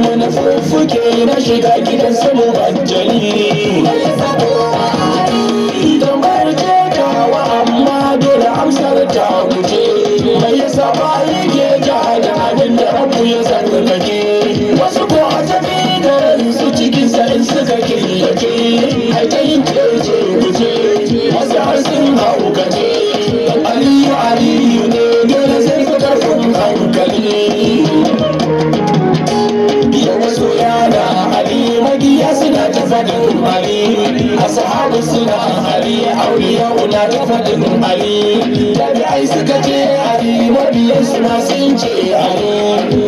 mana fuffuke na shiga gidan samu banjali idan barke tawa amma dole amsar ta guje mai yasa ba yake jaha da abin da abu ya zanga ashabu suna ali auliya una tafadin ali tabi'ai suka ce ali mabiyan suna sun ce ali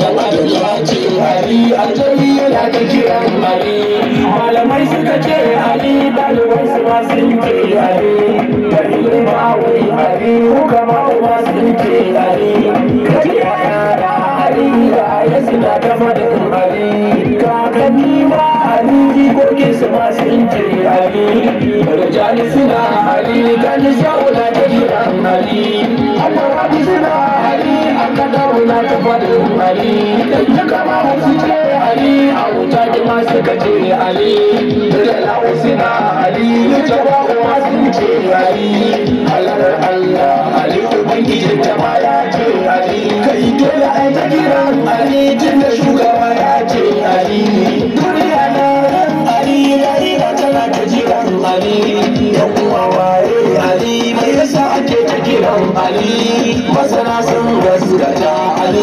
dan adam ce ali aljami yana ta kiran ali malamai suka ce ali dalibai suna sun ce ali da ilima wai ali hukama ma sun ce ali kaji yara ali da ayyasu na kakanni su ma sun ce hali barjani suna hali ta kiran hali alarabi suna a wuta a ma suka ce hali jalawu suna hali jawa'u ma sun ce allah hali ubangijin ta ya ce kai dole ai ta kira. hali tun da shugaba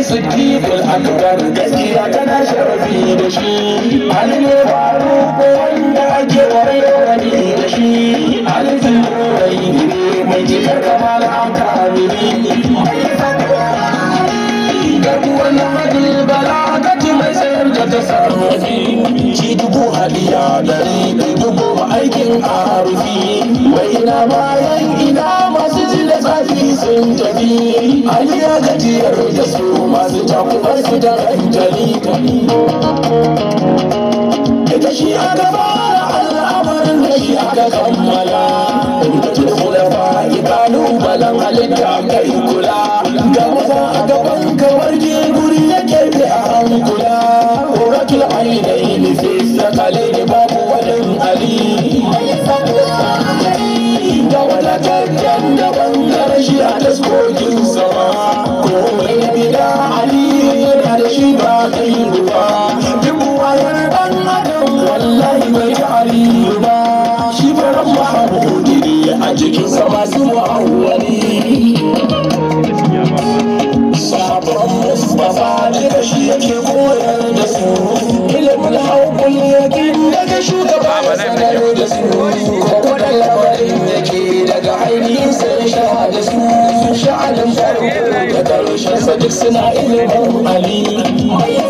kai su tifil gaskiya tana sharafi da shi hali ne faru ko wanda ake da shi hali sun rai ne mai kamar da ci dubu hadiya dari dubu aikin arufi wai na bayan ina ma sun tafi aliya gajiyar da su masu takubar su da hankali da shi aka fara al'amarin da shi aka kammala rikicin kulafa ikalubalen halitta kai kula ga maza a gaban kawar guri yake bi a hankula horatul ainihin babu a a sama masu wani sabon mustapha daga shi yake koyar da su ilimin daga shugaba da su daga ainihin sai sha da su sha'anin farko da duk suna ilimin ali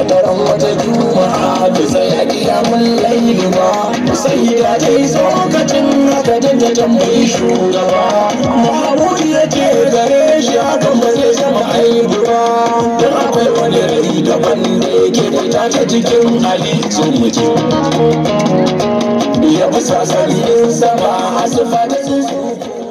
a daren wata duniya ba ta tsaya kiyamun laili ba sai da dai tsokacin haka da ta tambayi shugaba mahamudu ya ce gare shi hakan ba zai zama aibu ba don akwai wani rai daban da yake da ita ta cikin hali sun muke ya fi sasarin sama a sufa ta tsuntsu